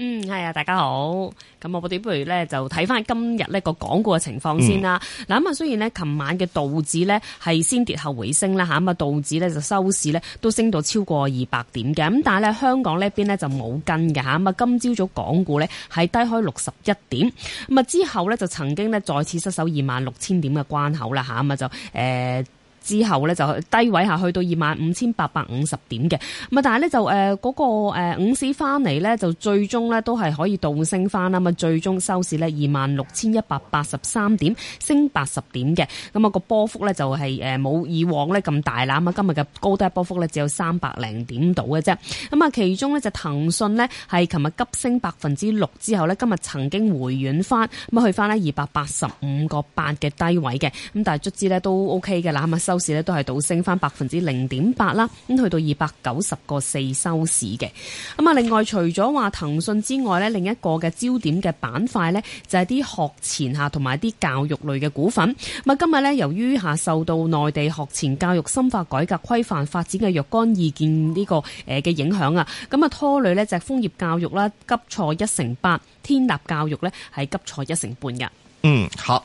嗯，係啊，大家好。咁我哋不如咧就睇翻今日呢個港股嘅情況先啦。嗱咁啊，雖然呢，琴晚嘅道指呢係先跌後回升啦吓，咁啊道指呢就收市呢都升到超過二百點嘅。咁但係呢，香港呢一邊呢就冇跟㗎吓。咁啊今朝早港股呢係低開六十一點，咁啊之後呢就曾經呢再次失守二萬六千點嘅關口啦吓。咁啊就誒。呃之後呢，就低位下去到二萬五千八百五十點嘅，咁啊但係呢，就誒嗰個午市翻嚟呢，就最終呢，都係可以倒升翻啦，咁最終收市呢，二萬六千一百八十三點，升八十點嘅，咁啊個波幅呢，就係誒冇以往呢咁大啦，咁啊今日嘅高低波幅呢，只有三百零點度嘅啫，咁啊其中呢，就騰訊呢，係琴日急升百分之六之後呢，今日曾經回軟翻，咁啊去翻呢二百八十五個八嘅低位嘅，咁但係卒之呢，都 OK 嘅，啦咁啊收市都係倒升翻百分之零點八啦，咁去到二百九十個四收市嘅。咁啊，另外除咗話騰訊之外呢，另一個嘅焦點嘅板塊呢，就係啲學前下同埋啲教育類嘅股份。咁啊，今日呢，由於吓受到內地學前教育深化改革規範發展嘅若干意見呢個誒嘅影響啊，咁啊拖累呢隻楓葉教育啦，急挫一成八；天立教育呢，係急挫一成半嘅。嗯，好。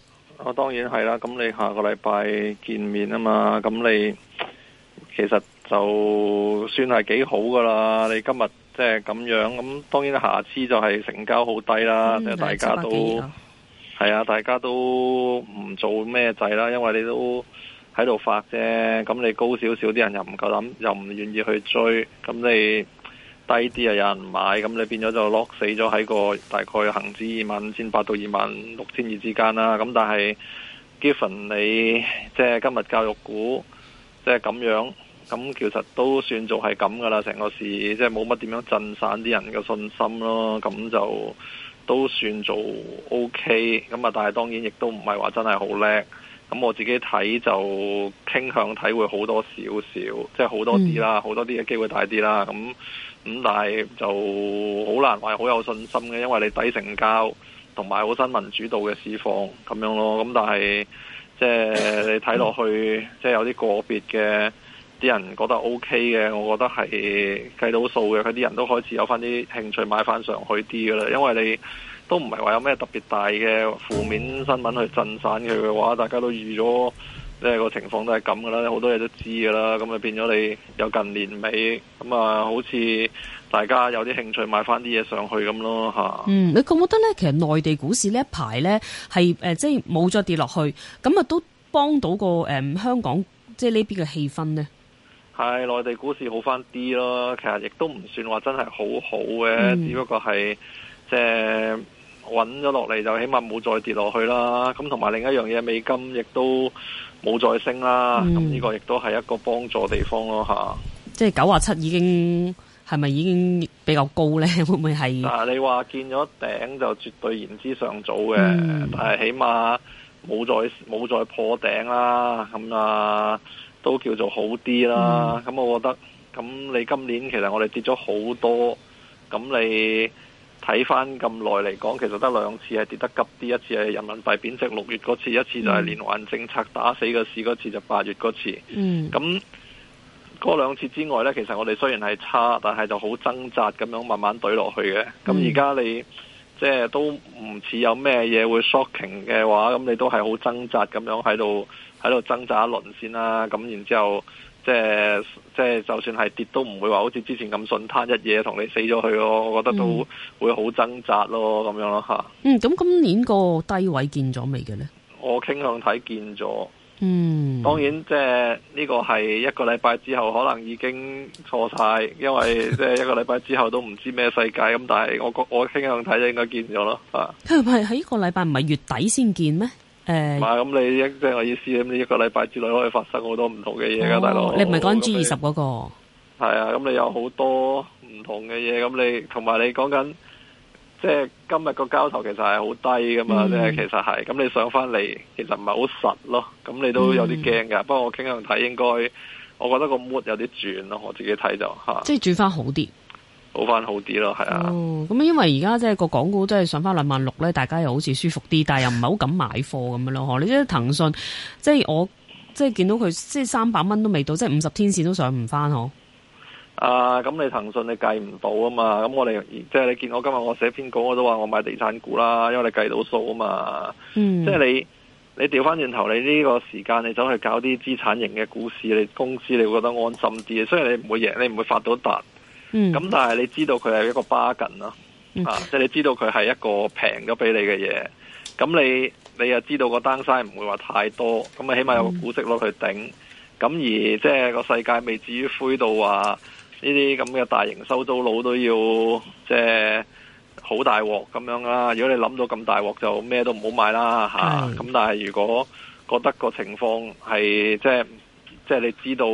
我當然係啦，咁你下個禮拜見面啊嘛，咁你其實就算係幾好噶啦，你今日即係咁樣，咁當然下次就係成交好低啦，嗯、大家都係啊，嗯、大家都唔做咩制啦，因為你都喺度發啫，咁你高少少啲人又唔夠膽，又唔願意去追，咁你。低啲啊，有人買，咁你變咗就 lock 死咗喺個大概恆指二萬五千八到二萬六千二之間啦。咁但係，given 你即係、就是、今日教育股即係咁樣，咁其實都算做係咁㗎啦。成個市即係冇乜點樣震散啲人嘅信心咯。咁就都算做 OK。咁啊，但係當然亦都唔係話真係好叻。咁我自己睇就傾向睇會好多少少，即係好多啲啦，好、嗯、多啲嘅機會大啲啦。咁。咁但係就好難話好有信心嘅，因為你底成交同埋好新民主導嘅市況咁樣咯。咁但係即係你睇落去，即係有啲個別嘅啲人覺得 OK 嘅，我覺得係計到數嘅，佢啲人都開始有翻啲興趣買翻上去啲噶啦。因為你都唔係話有咩特別大嘅負面新聞去震散佢嘅話，大家都預咗。即係個情況都係咁噶啦，好多嘢都知噶啦，咁啊變咗你有近年尾咁啊，好似大家有啲興趣買翻啲嘢上去咁咯，吓。嗯，你覺唔覺得咧？其實內地股市呢一排咧，係、呃、誒，即係冇再跌落去，咁啊都幫到個誒、呃、香港，即係呢邊嘅氣氛呢？係內地股市好翻啲咯，其實亦都唔算話真係好好嘅，嗯、只不過係即係穩咗落嚟，就起碼冇再跌落去啦。咁同埋另一樣嘢，美金亦都。冇再升啦，咁呢、嗯、個亦都係一個幫助地方咯，吓、啊。即係九啊七已經係咪已經比較高呢？會唔會係？啊，你話見咗頂就絕對言之尚早嘅，嗯、但係起碼冇再冇再破頂啦。咁啊，都叫做好啲啦。咁、嗯、我覺得，咁你今年其實我哋跌咗好多，咁你。睇翻咁耐嚟講，其實得兩次係跌得急啲，一次係人民幣貶值六月嗰次，一次就係連環政策打死個市嗰次，就八月嗰次。嗯，咁嗰兩次之外呢，其實我哋雖然係差，但係就好掙扎咁樣慢慢懟落去嘅。咁而家你即係都唔似有咩嘢會 shocking 嘅話，咁你都係好掙扎咁樣喺度喺度掙扎一輪先啦、啊。咁然之後。即係即係，就算係跌都唔會話好似之前咁順攤一夜，同你死咗去咯，我覺得都會好掙扎咯，咁樣咯吓。嗯、咁、嗯、今年個低位見咗未嘅咧？我傾向睇見咗。嗯，當然即係呢個係一個禮拜之後可能已經錯晒，因為即係一個禮拜之後都唔知咩世界咁。 但係我我傾向睇應該見咗咯。啊、嗯，佢係喺個禮拜唔係月底先見咩？誒，係、欸，咁、嗯、你一即係我意思，咁你一個禮拜之內可以發生多、哦、好多唔同嘅嘢噶，大佬你。你唔係講 G 二十嗰個？係你、嗯、啊，咁你有好多唔同嘅嘢，咁你同埋你講緊，即、就、係、是、今日個交投其實係好低噶嘛，即係其實係，咁你上翻嚟，其實唔係好實咯，咁你都有啲驚噶。嗯、不過我傾向睇，應該我覺得個 mood 有啲轉咯，我自己睇就吓。啊、即係轉翻好啲。好翻好啲咯，係啊。哦，咁因為而家即係個港股真係上翻兩萬六咧，大家又好似舒服啲，但係又唔係好敢買貨咁樣咯。你即係騰訊，即係我即係見到佢即係三百蚊都未到，即係五十天綫都上唔翻嗬。啊，咁你騰訊你計唔到啊嘛？咁我哋即係你見我今日我寫篇稿，我都話我買地產股啦，因為你計到數啊嘛。嗯。即係你你調翻轉頭，你呢個時間你走去搞啲資產型嘅股市，你公司你會覺得安心啲，所以你唔會贏，你唔會發到達。咁、嗯、但係你知道佢係一個 bargain 咯，嗯、啊，即、就、係、是、你知道佢係一個平咗俾你嘅嘢，咁你你又知道個 downside 唔會話太多，咁啊起碼有個股息落去頂，咁、嗯、而即係個世界未至於灰到話呢啲咁嘅大型收租佬都要即係好大鑊咁樣啦。如果你諗到咁大鑊就咩都唔好買啦，吓、嗯。咁、啊、但係如果覺得個情況係即係即係你知道。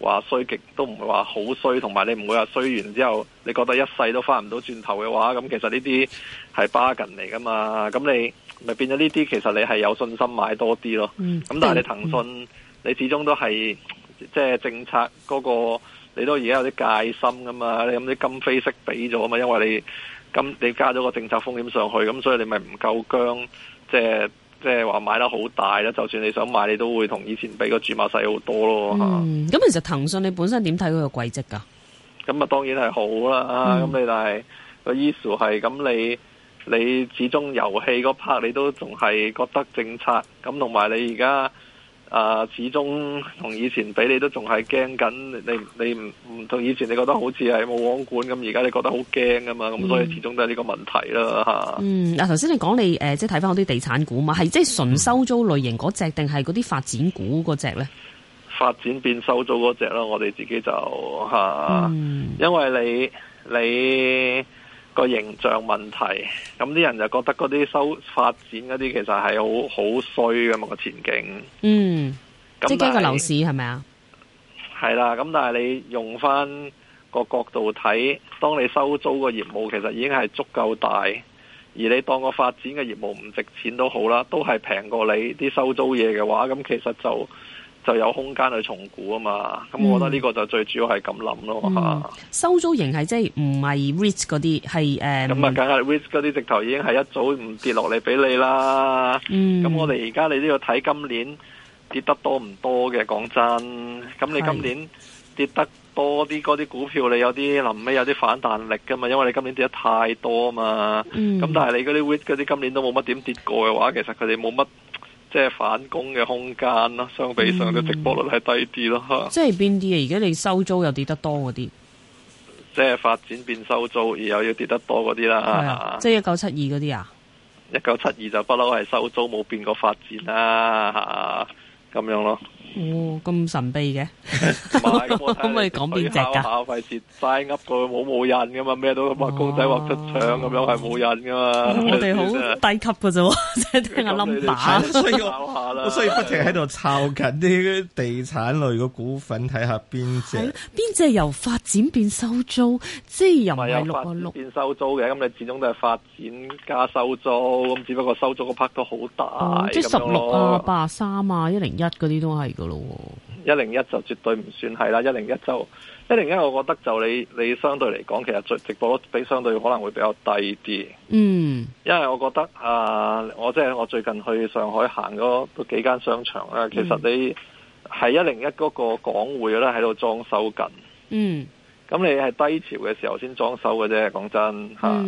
話衰極都唔會話好衰，同埋你唔會話衰完之後你覺得一世都翻唔到轉頭嘅話，咁其實呢啲係 bargain 嚟噶嘛？咁你咪變咗呢啲，其實你係有信心買多啲咯。咁、嗯、但係你騰訊，嗯、你始終都係即係政策嗰、嗰個，你都而家有啲戒心噶嘛？你咁啲今非昔比咗啊嘛，因為你咁你加咗個政策風險上去，咁所以你咪唔夠姜即係。即係話買得好大啦，就算你想買，你都會同以前比個注碼細好多咯。咁、嗯、其實騰訊你本身點睇佢個軌跡㗎？咁、嗯、啊，當然係好啦。咁你但係個 issue 係咁，你你始終遊戲嗰 part 你都仲係覺得政策咁，同埋你而家。啊，始終同以前比你，你都仲係驚緊，你你唔唔同以前，你覺得好似係冇王管咁，而家你覺得好驚噶嘛，咁所以始終都係呢個問題啦吓。嗯，嗱、啊，頭先你講你誒、呃，即係睇翻我啲地產股嘛，係即係純收租類型嗰隻，定係嗰啲發展股嗰隻咧？發展變收租嗰隻咯，我哋自己就吓，啊嗯、因為你你。個形象問題，咁啲人就覺得嗰啲收發展嗰啲其實係好好衰咁啊個前景。嗯，咁但係個樓市係咪啊？係啦，咁但係你用翻個角度睇，當你收租個業務其實已經係足夠大，而你當個發展嘅業務唔值錢都好啦，都係平過你啲收租嘢嘅話，咁其實就。就有空間去重估啊嘛，咁、嗯、我覺得呢個就最主要係咁諗咯嚇、嗯。收租型係即係唔係 REIT 嗰啲係誒？咁啊，梗係 REIT 嗰啲直頭已經係一早唔跌落嚟俾你啦。咁、嗯、我哋而家你都要睇今年跌得多唔多嘅，講真。咁你今年跌得多啲嗰啲股票，你有啲臨尾有啲反彈力噶嘛？因為你今年跌得太多啊嘛。咁、嗯、但係你嗰啲 REIT 嗰啲今年都冇乜點跌過嘅話，其實佢哋冇乜。即係反攻嘅空間啦，相比上嘅直播率係低啲咯、嗯、即係邊啲啊？而家你收租又跌得多嗰啲？即係發展變收租，而又要跌得多嗰啲啦。即係一九七二嗰啲啊？一九七二就不嬲係收租冇變過發展啦、啊、咁、啊、樣咯。哦，咁神秘嘅，咁咪講邊隻噶？費事晒噏過冇冇印噶嘛？咩都畫公仔畫出腸，咁樣哇，係冇印噶嘛？我哋好低級噶啫，即係、嗯、聽下 number。所以不停喺度炒緊啲地產類嘅股份，睇下邊隻邊隻由發展變收租，即係又唔係六個六變收租嘅？咁你始終都係發展加收租，咁只不過收租嗰 part 都好大。即係十六啊、八三啊、一零一嗰啲都係。一零一就絕對唔算係啦，一零一就一零一，我覺得就你你相對嚟講，其實最直播率比相對可能會比較低啲。嗯，因為我覺得啊，我即係我最近去上海行咗幾間商場咧，其實你係一零一嗰個港匯咧喺度裝修緊。嗯，咁你係低潮嘅時候先裝修嘅啫，講真吓、啊。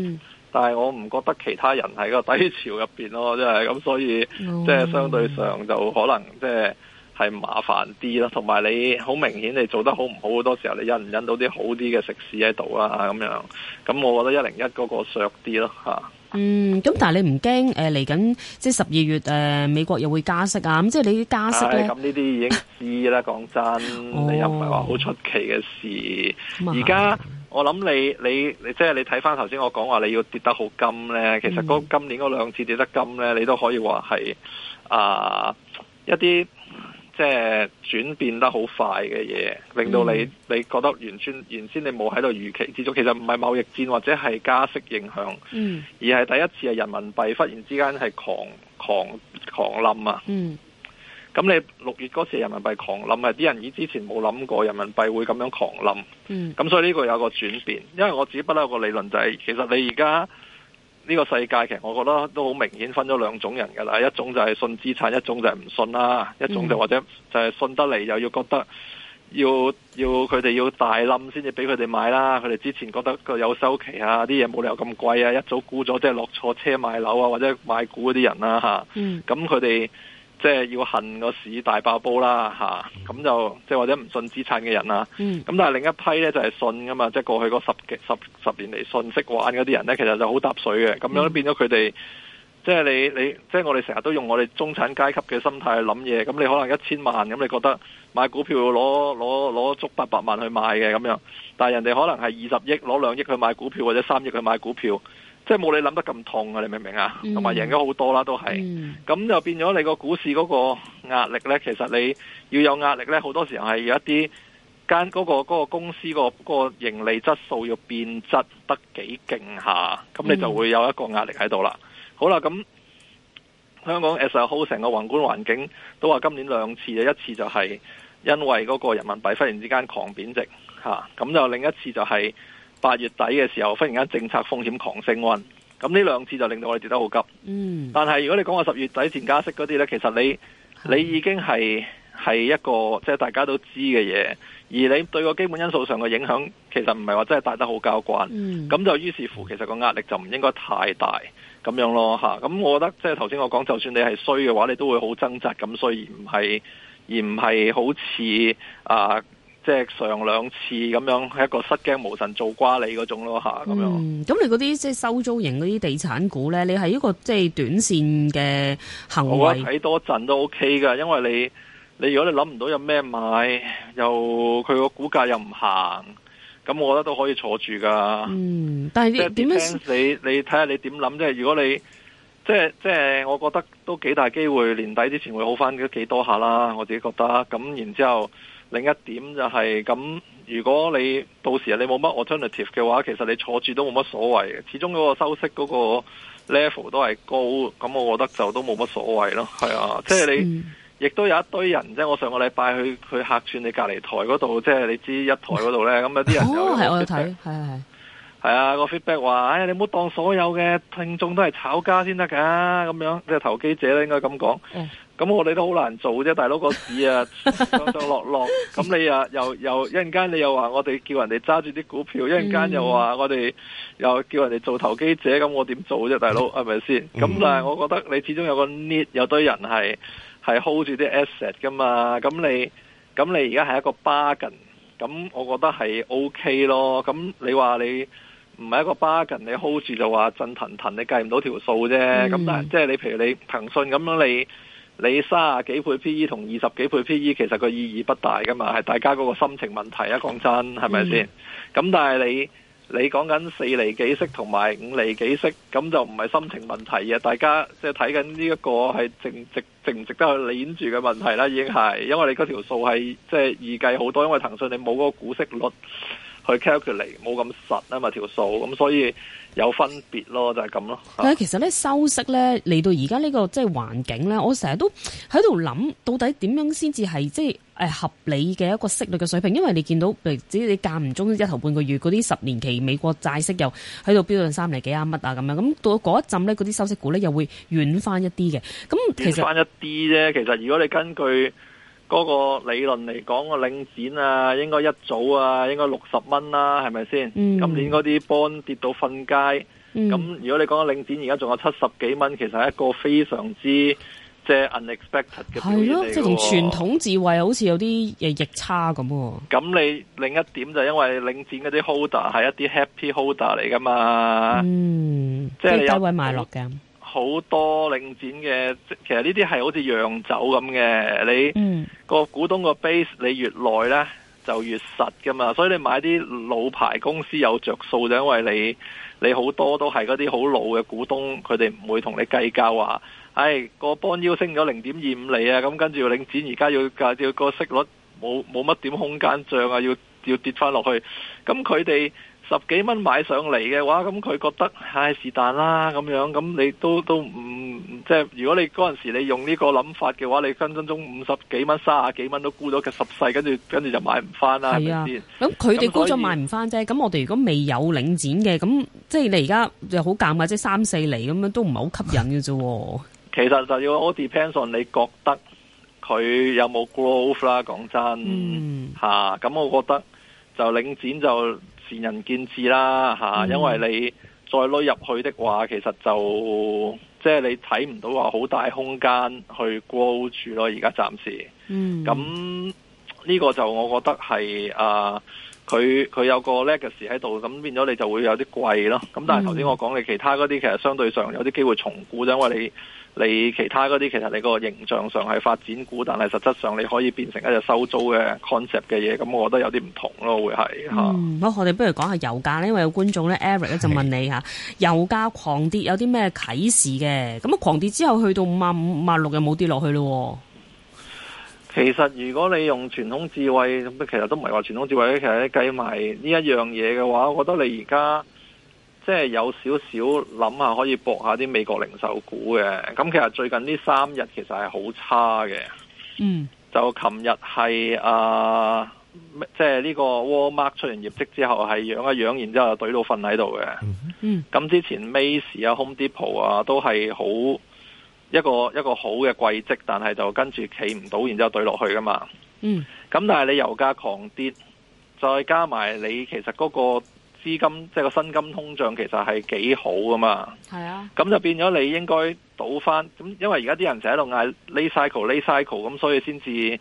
但係我唔覺得其他人喺個低潮入邊咯，即係咁，所以即係、即係、相對上就可能即係。即係係麻煩啲咯，同埋你好明顯，你做得好唔好，好多時候你引唔引到啲好啲嘅食肆喺度啊，咁樣。咁我覺得一零一嗰個削啲咯嚇。啊、嗯，咁但係你唔驚誒嚟緊即係十二月誒、呃、美國又會加息啊？咁即係你加息咧？咁呢啲已經知啦，講 真，你又唔係話好出奇嘅事。而家我諗你你、你、你即係你睇翻頭先我講話你要跌得好金咧，其實、嗰個嗯、嗰今年嗰兩次跌得金咧，你都可以話係啊一啲。即係轉變得好快嘅嘢，令到你你覺得原先原先你冇喺度預期之中。自其實唔係貿易戰或者係加息影響，嗯、而係第一次係人民幣忽然之間係狂狂狂冧啊！咁、嗯、你六月嗰次人民幣狂冧啊，啲人以之前冇諗過人民幣會咁樣狂冧，咁、嗯、所以呢個有一個轉變。因為我只不嬲有一個理論就係、是，其實你而家。呢個世界其實我覺得都好明顯分咗兩種人㗎啦，一種就係信資產，一種就係唔信啦、啊，一種就係嗯、或者就係信得嚟又要覺得要要佢哋要大冧先至畀佢哋買啦，佢哋之前覺得個有收期啊，啲嘢冇理由咁貴啊，一早估咗即係落錯車買樓啊，或者買股嗰啲人啦、啊、吓，咁佢哋。嗯即係要恨個市大爆煲啦，咁就即係或者唔信資產嘅人啦咁、嗯、但係另一批呢，就係信㗎嘛，即係過去嗰十幾十十年嚟信息玩嗰啲人呢，其實就好搭水嘅，咁樣變咗佢哋即係你你即係、就是、我哋成日都用我哋中產階級嘅心態去諗嘢，咁你可能一千萬咁，你覺得買股票攞攞攞足八百萬去買嘅咁樣，但係人哋可能係二十億攞兩億去買股票或者三億去買股票。即係冇你諗得咁痛啊！你明唔明啊？同埋贏咗好多啦，都係。咁、嗯、就變咗你個股市嗰個壓力呢，其實你要有壓力呢，好多時候係有一啲間嗰個嗰、嗰個公司、嗰個、嗰個盈利質素要變質得幾勁下，咁你就會有一個壓力喺度啦。嗯、好啦，咁香港 as a whole 成個宏觀環境都話今年兩次嘅一次就係因為嗰個人民幣忽然之間狂貶值吓，咁、啊、就另一次就係、係。八月底嘅時候，忽然間政策風險狂升溫，咁呢兩次就令到我哋跌得好急。嗯。但係如果你講話十月底前加息嗰啲呢，其實你你已經係係一個即係大家都知嘅嘢，而你對個基本因素上嘅影響，其實唔係話真係帶得好交關。嗯。咁就於是乎，其實個壓力就唔應該太大咁樣咯嚇。咁我覺得即係頭先我講，就算你係衰嘅話，你都會好掙扎咁，所以唔係而唔係好似啊。即係上兩次咁樣，係一個失驚無神做瓜你嗰種咯吓，咁樣。嗯，咁你嗰啲即係收租型嗰啲地產股咧，你係一個即係短線嘅行為。我睇多陣都 OK 噶，因為你你如果你諗唔到有咩買，又佢個股價又唔行，咁我覺得都可以坐住噶。嗯，但係點樣？你你睇下你點諗？即係如果你即係即係，我覺得都幾大機會，年底之前會好翻幾多下啦。我自己覺得咁，然之後。另一點就係、是、咁，如果你到時你冇乜 alternative 嘅話，其實你坐住都冇乜所謂嘅。始終嗰個收息嗰個 level 都係高，咁我覺得就都冇乜所謂咯。係啊，即係你亦、嗯、都有一堆人即係我上個禮拜去去客串你隔離台嗰度，即、就、係、是、你知一台嗰度呢，咁有啲人就 back,、哦、我去睇，係係係啊。個 feedback 話、哎：，你唔好當所有嘅聽眾都係炒家先得㗎，咁樣即係投機者咧，應該咁講。嗯咁我哋都好難做啫，大佬，個市啊上上落落，咁你啊又又一陣間你又話我哋叫人哋揸住啲股票，一陣間又話我哋又叫人哋做投機者，咁我點做啫，大佬係咪先？咁、嗯、但係我覺得你始終有個 need，有堆人係係 hold 住啲 asset 噶嘛，咁你咁你而家係一個 bargain，咁我覺得係 OK 咯。咁你話你唔係一個 bargain，你 hold 住就話震騰騰，你計唔到條數啫。咁但係即係你譬如你騰訊咁樣你。你三十幾倍 PE 同二十幾倍 PE，其實個意義不大噶嘛，係大家嗰個心情問題啊！講真，係咪先？咁、嗯、但係你你講緊四厘幾息同埋五厘幾息，咁就唔係心情問題嘅，大家即係睇緊呢一個係值值值唔值得去捻住嘅問題啦，已經係，因為你嗰條數係即係易計好多，因為騰訊你冇嗰個股息率。佢 calculate 冇咁實啊嘛，條數，咁所以有分別咯，就係咁咯。但係，其實咧收息咧嚟到而家呢個即係環境咧，我成日都喺度諗，到底點樣先至係即係誒合理嘅一個息率嘅水平？因為你見到，譬如你間唔中一頭半個月嗰啲十年期美國債息又喺度飆到三厘幾啊乜啊咁樣，咁到嗰一陣咧，嗰啲收息股咧又會軟翻一啲嘅。咁其實翻一啲啫，其實如果你根據嗰個理論嚟講個領展啊，應該一早啊，應該六十蚊啦，係咪先？今、嗯、年嗰啲 bond 跌到瞓街，咁、嗯、如果你講領展而家仲有七十幾蚊，其實係一個非常之即係 unexpected 嘅。係咯，即同從、啊啊、傳統智慧好似有啲嘢逆差咁。咁你另一點就因為領展嗰啲 holder 係一啲 happy holder 嚟噶嘛？嗯，即係你有位買落嘅好多領展嘅，其實呢啲係好似洋酒咁嘅你。嗯個股東個 base 你越耐呢就越實噶嘛，所以你買啲老牌公司有着數，就因為你你好多都係嗰啲好老嘅股東，佢哋唔會同你計較話，唉個 bond yield 升咗零點二五厘啊，咁跟住領展而家要要個息率冇冇乜點空間漲啊，要要跌翻落去，咁佢哋。十幾蚊買上嚟嘅話，咁佢覺得唉，是但啦，咁樣咁你都都唔即係，如果你嗰陣時你用呢個諗法嘅話，你分分鐘五十幾蚊、卅幾蚊都沽咗佢十世，跟住跟住就買唔翻啦，係咪先？咁佢哋沽咗買唔翻啫。咁我哋如果未有領展嘅，咁即係你而家就好尷尬，即係三四厘咁樣都唔係好吸引嘅啫、啊。 其實就要，all depends on 你覺得佢有冇 growth 啦。講真，吓咁、嗯，啊、我覺得就領展就。見仁見智啦嚇，啊嗯、因為你再攞入去的話，其實就即係、就是、你睇唔到話好大空間去 grow 住咯。而家暫時，咁呢、嗯、個就我覺得係啊，佢佢有個 legacy 喺度，咁變咗你就會有啲貴咯。咁但係頭先我講、嗯、你其他嗰啲，其實相對上有啲機會重估啫，因為你。你其他嗰啲，其實你個形象上係發展股，但係實質上你可以變成一隻收租嘅 concept 嘅嘢，咁我覺得有啲唔同咯，會係嚇。嗯，好，我哋不如講下油價呢，因為有觀眾呢 Eric 是就問你嚇，油價狂跌，有啲咩啟示嘅？咁啊，狂跌之後去到五啊五、五啊六又冇跌落去咯。其實如果你用傳統智慧，其實都唔係話傳統智慧，其實計埋呢一樣嘢嘅話，我覺得你而家。即係有少少諗下，可以博下啲美國零售股嘅。咁其實最近呢三日其實係好差嘅。嗯。就琴日係啊，即係呢個 Walmart 出完業績之後係養一養，然之後懟到瞓喺度嘅。嗯。咁之前 Macy 啊、Home Depot 啊都係好一個一個好嘅季績，但係就跟住企唔到，然之後懟落去噶嘛。嗯。咁但係你油價狂跌，再加埋你其實嗰個。資金即係個薪金通脹，其實係幾好噶嘛。係啊，咁就變咗你應該倒翻咁，因為而家啲人就喺度嗌 late cycle late cycle 咁，所以先至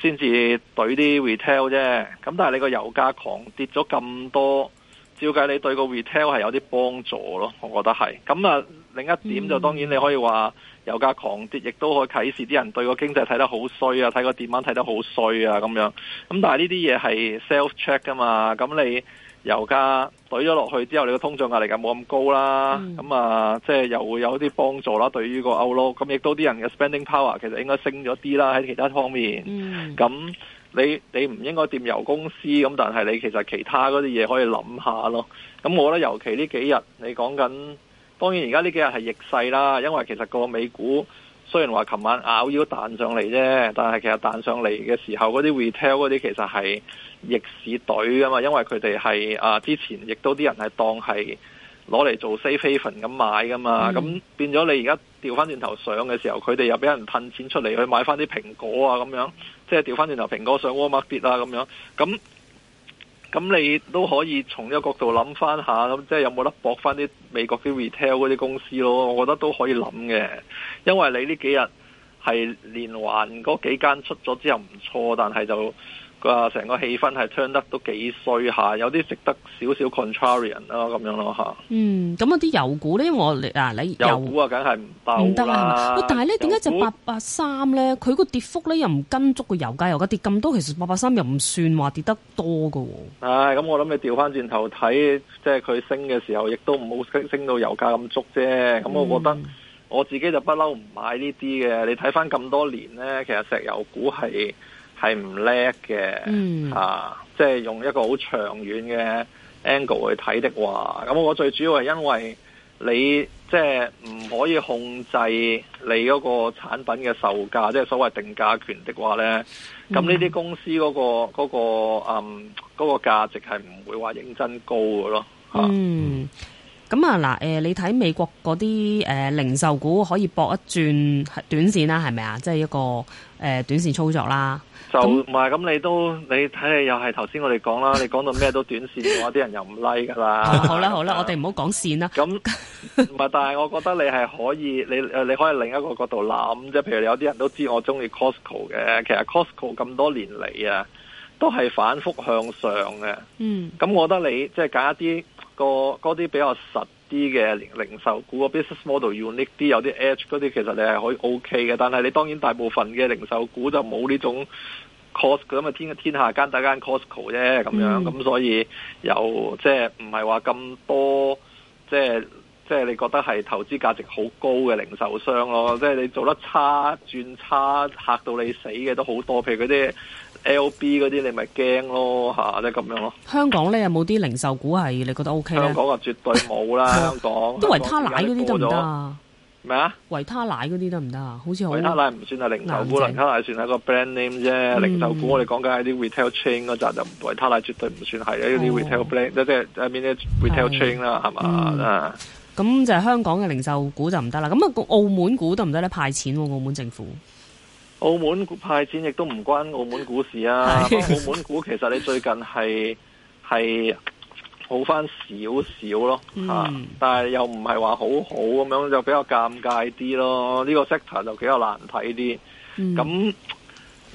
先至對啲 retail 啫。咁但係你個油價狂跌咗咁多，照計你對個 retail 係有啲幫助咯。我覺得係咁啊。另一點就當然你可以話、嗯、油價狂跌，亦都可以啟示啲人對個經濟睇得好衰啊，睇個點樣睇得好衰啊，咁樣咁。但係呢啲嘢係 self check 噶嘛，咁你。油價懟咗落去之後，你個通脹壓力又冇咁高啦，咁、嗯、啊，即係又會有啲幫助啦。對於個歐羅，咁亦都啲人嘅 spending power 其實應該升咗啲啦。喺其他方面，咁、嗯、你你唔應該掂油公司，咁但係你其實其他嗰啲嘢可以諗下咯。咁我覺得尤其呢幾日，你講緊當然而家呢幾日係逆勢啦，因為其實個美股。雖然話琴晚咬腰彈上嚟啫，但係其實彈上嚟嘅時候，嗰啲 retail 嗰啲其實係逆市隊啊嘛，因為佢哋係啊之前亦都啲人係當係攞嚟做 safe haven 咁買噶嘛，咁、嗯、變咗你而家調翻轉頭上嘅時候，佢哋又俾人噴錢出嚟去買翻啲蘋果啊咁樣，即係調翻轉頭蘋果上喎 market 跌啊咁樣，咁。咁你都可以從呢個角度諗返下，咁即係有冇得搏返啲美國啲 retail 嗰啲公司咯？我覺得都可以諗嘅，因為你呢幾日係連環嗰幾間出咗之後唔錯，但係就。啊！成個氣氛係 turn 得都幾衰下，有啲值得少少 contrarian 啦咁樣咯，嗯，咁啊啲油股咧，我啊你油，油股啊，梗係唔唔得。但係呢咧，點解隻八八三咧，佢個呢跌幅咧又唔跟足個油價？油價跌咁多，其實八八三又唔算話跌得多噶。唉、哎，咁我諗你調翻轉頭睇，即係佢升嘅時候，亦都唔好升升到油價咁足啫。咁、嗯、我覺得我自己就不嬲唔買呢啲嘅。你睇翻咁多年咧，其實石油股係。係唔叻嘅，嚇，即係、嗯啊就是，用一個好長遠嘅 angle 去睇的話，咁我最主要係因為你即係唔可以控制你嗰個產品嘅售價，即、就、係、是、所謂定價權的話呢，咁呢啲公司嗰、那個嗰、那個、那個價、嗯那個、值係唔會話認真高嘅咯。啊、嗯，咁啊嗱，誒、呃，你睇美國嗰啲誒零售股可以搏一轉短線啦，係咪啊？即、就、係、是、一個誒、呃、短線操作啦。就唔係咁，你都你睇你又係頭先我哋講啦，你講到咩都短線嘅話，啲 人又唔 like 噶啦 的。好啦好啦，我哋唔好講線啦。咁唔係，但係我覺得你係可以，你誒你可以另一個角度諗，即係譬如有啲人都知我中意 Costco 嘅。其實 Costco 咁多年嚟啊，都係反覆向上嘅。嗯，咁我覺得你即係揀一啲個嗰啲比較實。啲嘅零零售股個 business model unique 啲，有啲 edge 嗰啲，其實你係可以 OK 嘅。但係你當然大部分嘅零售股就冇呢種 cost，咁 co，啊天天下間大間 Costco 啫咁樣咁、嗯、所以有即係唔係話咁多即係。就是即係你覺得係投資價值好高嘅零售商咯，即係你做得差、轉差嚇到你死嘅都好多，譬如嗰啲 L B 嗰啲，你咪驚咯嚇，即係咁樣咯。香港咧有冇啲零售股係你覺得 OK 咧？香港啊，絕對冇啦。 香港都維他奶嗰啲得唔得啊？咩啊？維他奶嗰啲得唔得啊？好似維他奶唔算係零售股，嗯、維他奶算係個 brand name 啫。嗯、零售股我哋講緊係啲 retail chain 嗰扎，就維他奶絕對唔算係，因為啲 retail brand 即係 manage retail chain 啦是，係嘛啊？嗯咁就係香港嘅零售股就唔得啦，咁啊澳門股得唔得咧？派錢喎、啊，澳門政府。澳門派錢亦都唔關澳門股市啊， 澳門股其實你最近係係好翻少少咯、嗯、但係又唔係話好好咁樣，就比較尷尬啲咯。呢、呢個 sector 就比較難睇啲，咁、嗯。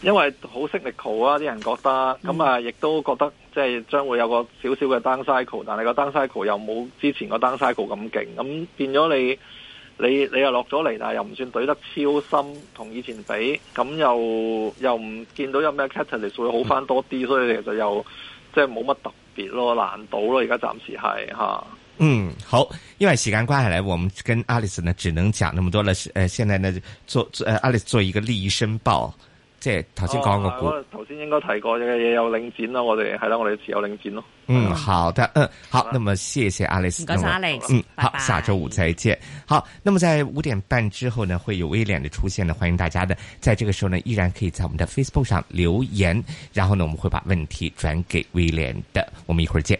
因為好 cyclical 啊，啲人覺得咁啊，亦都、嗯、覺得即係將會有個少少嘅 downcycle，但係個 downcycle 又冇之前個 downcycle 咁勁，咁變咗你你你又落咗嚟，但係又唔算懟得超深，同以前比，咁又又唔見到有咩 catalyst 會好翻多啲，嗯、所以其實又即係冇乜特別咯，難度咯，而家暫時係吓。嗯，好，因為時間關係咧，我們跟 Alice 呢只能講咁多啦。誒、呃，現在呢做誒，Alice 做一個利益申報。即係頭先講個股，頭先、哦、應該提過嘅嘢有領展咯，我哋係啦，我哋持有領展咯。嗯，嗯，好，好的，嗯，好的，那啊拜，謝謝 Alice 阿，你，嗯，好，下周五再見。好，那麼在五點半之後呢，會有威廉的出現呢，歡迎大家的，在這個時候呢，依然可以在我們的 Facebook 上留言，然後呢，我們會把問題轉給威廉的，我們一會兒見。